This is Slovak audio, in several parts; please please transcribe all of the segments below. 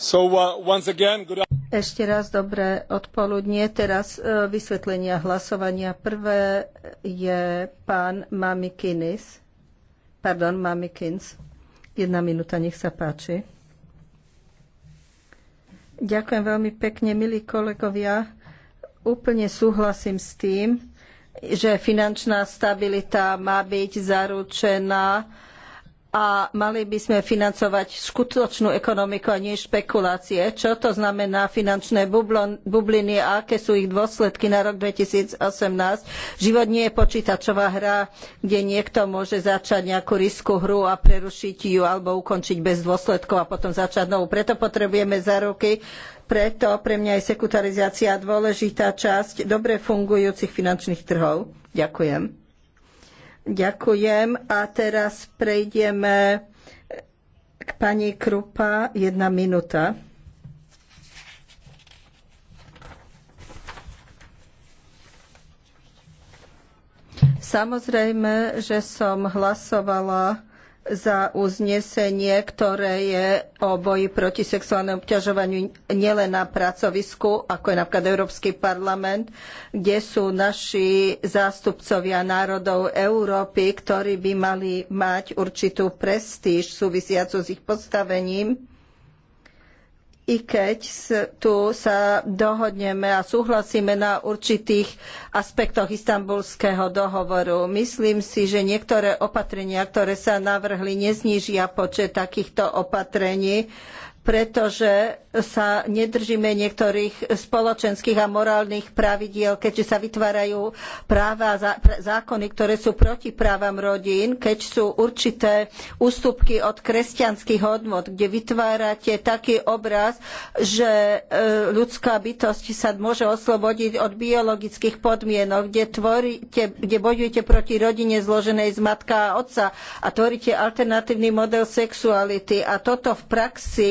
Uh, Ešte raz dobré odpoludnie. Teraz e, vysvetlenia hlasovania. Prvé je pán Mamikinis. Pardon, Mamikins. Jedna minúta, nech sa páči. Ďakujem veľmi pekne, milí kolegovia. Úplne súhlasím s tým, že finančná stabilita má byť zaručená a mali by sme financovať skutočnú ekonomiku a nie špekulácie. Čo to znamená finančné bubliny a aké sú ich dôsledky na rok 2018? Život nie je počítačová hra, kde niekto môže začať nejakú riskú hru a prerušiť ju alebo ukončiť bez dôsledkov a potom začať novú. Preto potrebujeme záruky, preto pre mňa je sekutarizácia dôležitá časť dobre fungujúcich finančných trhov. Ďakujem. Ďakujem a teraz prejdeme k pani Krupa. Jedna minúta. Samozrejme, že som hlasovala za uznesenie, ktoré je o boji proti sexuálnemu obťažovaniu nielen na pracovisku, ako je napríklad Európsky parlament, kde sú naši zástupcovia národov Európy, ktorí by mali mať určitú prestíž súvisiacu s ich postavením i keď tu sa dohodneme a súhlasíme na určitých aspektoch istambulského dohovoru. Myslím si, že niektoré opatrenia, ktoré sa navrhli, neznížia počet takýchto opatrení, pretože sa nedržíme niektorých spoločenských a morálnych pravidiel, keďže sa vytvárajú práva a zákony, ktoré sú proti právam rodín, keď sú určité ústupky od kresťanských hodnot, kde vytvárate taký obraz, že e, ľudská bytosť sa môže oslobodiť od biologických podmienok, kde, tvoríte, kde bojujete proti rodine zloženej z matka a otca a tvoríte alternatívny model sexuality. A toto v praxi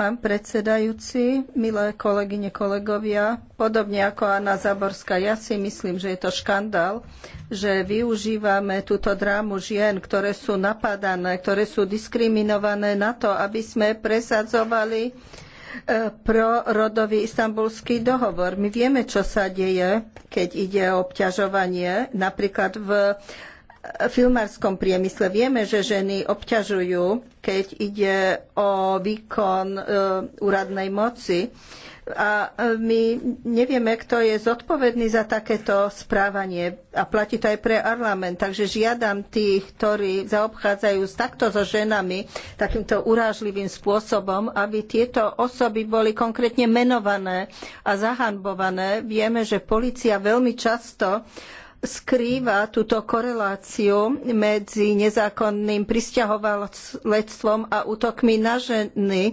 pán predsedajúci, milé kolegyne, kolegovia. Podobne ako Anna Zaborská, ja si myslím, že je to škandál, že využívame túto drámu žien, ktoré sú napadané, ktoré sú diskriminované na to, aby sme presadzovali e, prorodový istambulský dohovor. My vieme, čo sa deje, keď ide o obťažovanie, napríklad v filmárskom priemysle vieme, že ženy obťažujú, keď ide o výkon e, úradnej moci. A e, my nevieme, kto je zodpovedný za takéto správanie. A platí to aj pre parlament. Takže žiadam tých, ktorí zaobchádzajú takto so ženami takýmto urážlivým spôsobom, aby tieto osoby boli konkrétne menované a zahanbované. Vieme, že polícia veľmi často skrýva túto koreláciu medzi nezákonným prisťahovalectvom a útokmi na ženy. E,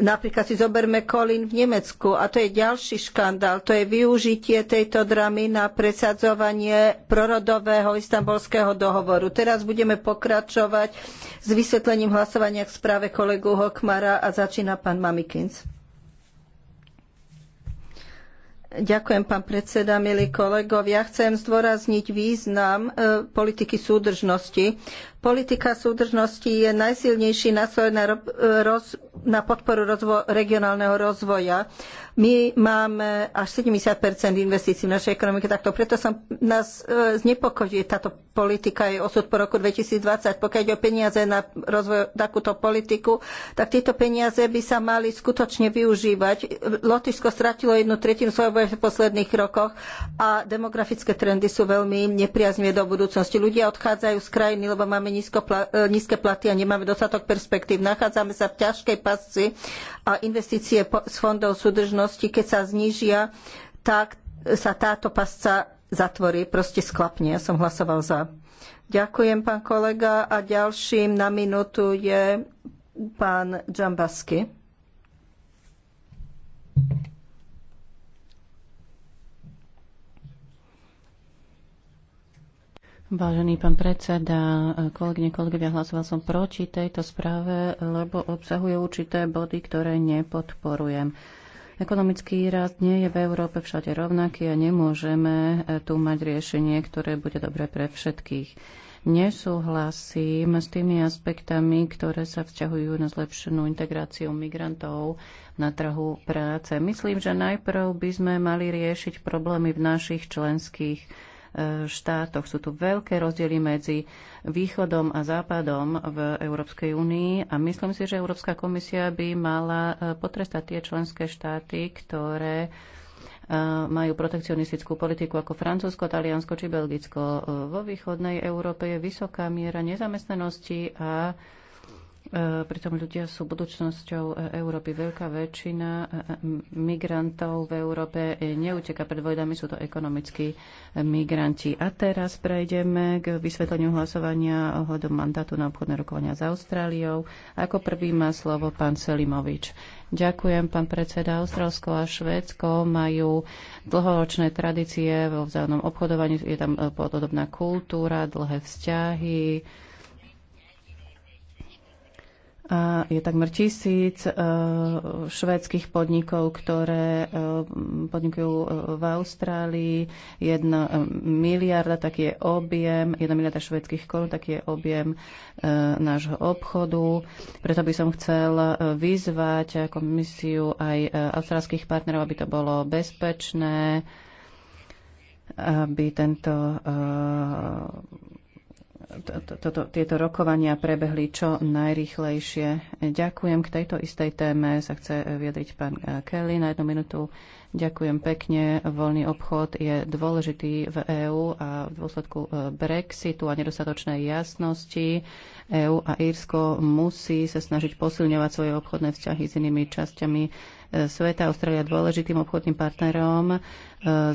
napríklad si zoberme Kolín v Nemecku a to je ďalší škandál. To je využitie tejto dramy na presadzovanie prorodového istambulského dohovoru. Teraz budeme pokračovať s vysvetlením hlasovania k správe kolegu Hokmara a začína pán Mamikins. Ďakujem, pán predseda, milí kolegovia. Chcem zdôrazniť význam e, politiky súdržnosti. Politika súdržnosti je najsilnejší nástroj na e, roz na podporu rozvo- regionálneho rozvoja. My máme až 70 investícií v našej ekonomike, takto preto som nás e, znepokojuje táto politika, je osud po roku 2020. Pokiaľ ide o peniaze na rozvoj takúto politiku, tak tieto peniaze by sa mali skutočne využívať. Lotyšsko stratilo jednu tretinu svojho v posledných rokoch a demografické trendy sú veľmi nepriaznivé do budúcnosti. Ľudia odchádzajú z krajiny, lebo máme nízko, e, nízke platy a nemáme dostatok perspektív. Nachádzame sa v ťažkej zápasci a investície z fondov súdržnosti, keď sa znížia, tak sa táto pasca zatvorí, proste sklapne. Ja som hlasoval za. Ďakujem, pán kolega. A ďalším na minútu je pán Džambasky. Vážený pán predseda, kolegyne, kolegovia, hlasoval som proti tejto správe, lebo obsahuje určité body, ktoré nepodporujem. Ekonomický rast nie je v Európe všade rovnaký a nemôžeme eh, tu mať riešenie, ktoré bude dobré pre všetkých. Nesúhlasím s tými aspektami, ktoré sa vzťahujú na zlepšenú integráciu migrantov na trhu práce. Myslím, že najprv by sme mali riešiť problémy v našich členských štátoch. Sú tu veľké rozdiely medzi východom a západom v Európskej únii a myslím si, že Európska komisia by mala e, potrestať tie členské štáty, ktoré e, majú protekcionistickú politiku ako Francúzsko, Taliansko či Belgicko. E, vo východnej Európe je vysoká miera nezamestnanosti a E, pritom ľudia sú budúcnosťou e, Európy. Veľká väčšina e, migrantov v Európe neuteka pred vojdami, sú to ekonomickí migranti. A teraz prejdeme k vysvetleniu hlasovania ohľadom mandátu na obchodné rokovania s Austráliou. Ako prvý má slovo pán Selimovič. Ďakujem, pán predseda. Austrálsko a Švédsko majú dlhoročné tradície vo vzájomnom obchodovaní. Je tam podobná kultúra, dlhé vzťahy a je takmer tisíc e, švédskych podnikov, ktoré e, podnikujú e, v Austrálii. Jedna miliarda, tak je objem, jedna miliarda švédskych korun, tak je objem nášho obchodu. Preto by som chcel vyzvať komisiu aj austrálskych partnerov, aby to bolo bezpečné, aby tento tieto rokovania prebehli čo najrychlejšie. Ďakujem. K tejto istej téme sa chce vyjadriť pán eh, Kelly na jednu minútu. Ďakujem pekne. Voľný obchod je dôležitý v EÚ a v dôsledku eh, Brexitu a nedostatočnej jasnosti EÚ a Írsko musí sa snažiť posilňovať svoje obchodné vzťahy s inými časťami eh, sveta. Austrália je dôležitým obchodným partnerom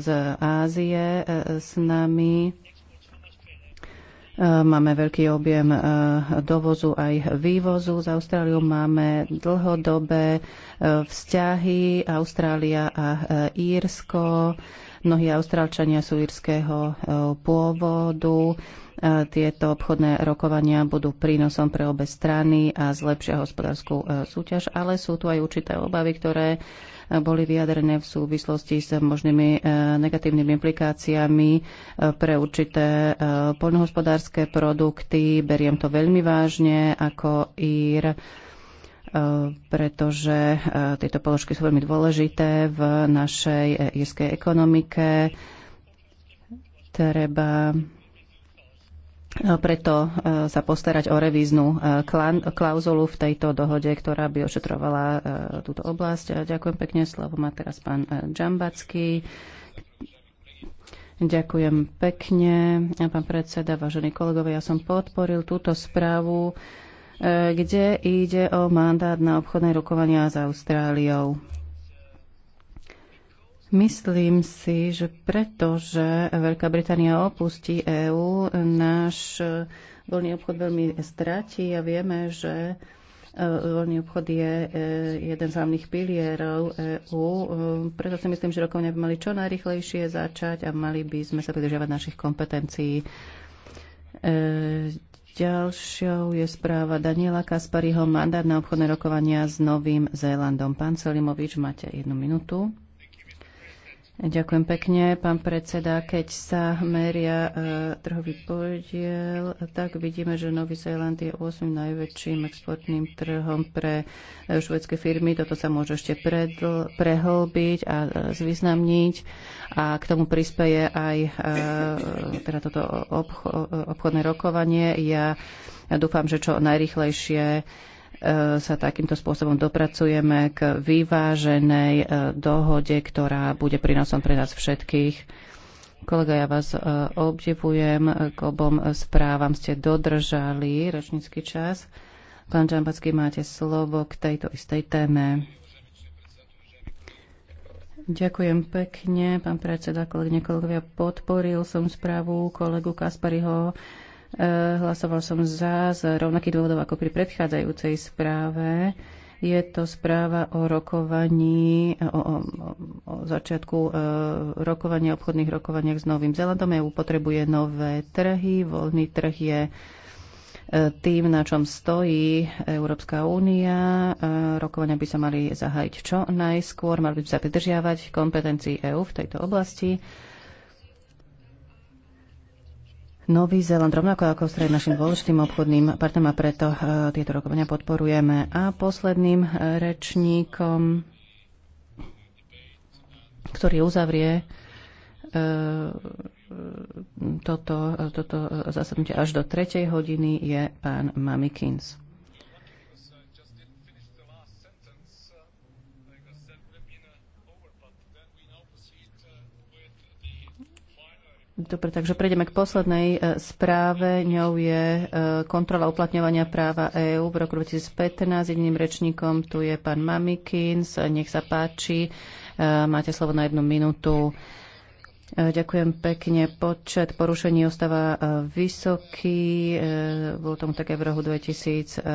z Ázie s nami Máme veľký objem eh, dovozu aj vývozu z Austráliou, Máme dlhodobé eh, vzťahy Austrália a eh, Írsko. Mnohí Austrálčania sú írskeho pôvodu. Tieto obchodné rokovania budú prínosom pre obe strany a zlepšia hospodárskú súťaž, ale sú tu aj určité obavy, ktoré boli vyjadrené v súvislosti s možnými e, negatívnymi implikáciami e, pre určité e, poľnohospodárske produkty. Beriem to veľmi vážne ako IR pretože tieto položky sú veľmi dôležité v našej írskej ekonomike. Treba E, preto e, sa postarať o revíznu e, klauzulu v tejto dohode, ktorá by ošetrovala túto oblasť. Ďakujem pekne, slovo má teraz pán Džambacký. Ďakujem pekne, pán predseda, vážení kolegovia, ja som podporil túto správu, kde ide o mandát na obchodné rokovania s Austráliou. Myslím si, že pretože Veľká Británia opustí EÚ, náš eh, voľný obchod veľmi stráti a vieme, že eh, voľný obchod je eh, jeden z hlavných pilierov EÚ. Preto si myslím, že rokovania by mali čo najrychlejšie začať a mali by sme sa pridržiavať našich kompetencií. Ďalšou je správa Daniela Kaspariho, mandát na obchodné rokovania s Novým Zélandom. Pán Selimovič, máte jednu minútu. Ďakujem pekne, pán predseda. Keď sa meria e, trhový podiel, tak vidíme, že Nový Zéland je 8. najväčším exportným trhom pre e, švedské firmy. Toto sa môže ešte predl- prehlbiť a e, zvýznamniť a k tomu prispeje aj teda toto obchodné rokovanie. Ja, ja dúfam, že čo najrychlejšie E, sa takýmto spôsobom dopracujeme k vyváženej e, dohode, ktorá bude prínosom pre nás všetkých. Kolega, ja vás e, obdivujem. K obom správam ste dodržali ročnícky čas. Pán Čambacký, máte slovo k tejto istej téme. Ďakujem pekne, pán predseda, kolegyne, kolegovia. Podporil som správu kolegu Kaspariho Eh, hlasoval som za z rovnakých dôvodov ako pri predchádzajúcej správe. Je to správa o rokovaní, o, o, o začiatku e, rokovania, obchodných rokovaniach s Novým Zelandom. EU potrebuje nové trhy, voľný trh je eh, tým, na čom stojí Európska únia. Rokovania by sa mali zahájiť čo najskôr, mali by sa pridržiavať kompetencii EÚ v tejto oblasti Nový Zeland rovnako ako stred našim dôležitým obchodným partnerom a preto e, tieto rokovania podporujeme. A posledným e, rečníkom, ktorý uzavrie e, toto, toto zasadnutie až do tretej hodiny, je pán Mamikins. Dobre, takže prejdeme k poslednej e, správe. ňou je e, kontrola uplatňovania práva EÚ v roku 2015. Jediným rečníkom tu je pán Mamikins. Nech sa páči. E, máte slovo na jednu minútu. Ďakujem pekne. Počet porušení ostáva vysoký. Bolo tomu také v roku 2015.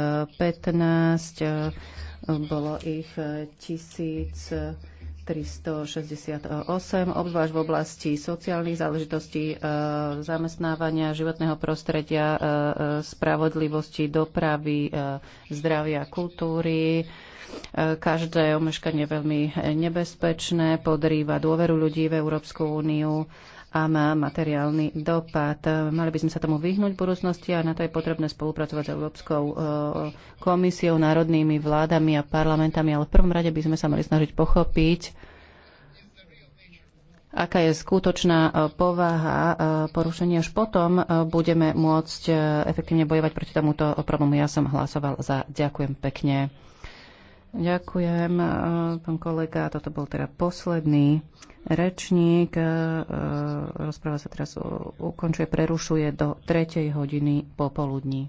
Bolo ich tisíc 368, obzvlášť v oblasti sociálnych záležitostí, e, zamestnávania, životného prostredia, e, e, spravodlivosti, dopravy, zdravia, kultúry. Každé omeškanie je veľmi nebezpečné, podrýva dôveru ľudí v Európsku úniu a má materiálny dopad. Mali by sme sa tomu vyhnúť v budúcnosti a na to je potrebné spolupracovať s Európskou e, komisiou, národnými vládami a parlamentami, ale v prvom rade by sme sa mali snažiť pochopiť, aká je skutočná e, povaha e, porušenia. až potom budeme môcť efektívne bojovať proti tomuto problému. Ja som hlasoval za. Ďakujem pekne. Ďakujem, pán kolega. Toto bol teda posledný rečník. E, e, rozpráva sa teraz ukončuje, prerušuje do 3. hodiny popoludní.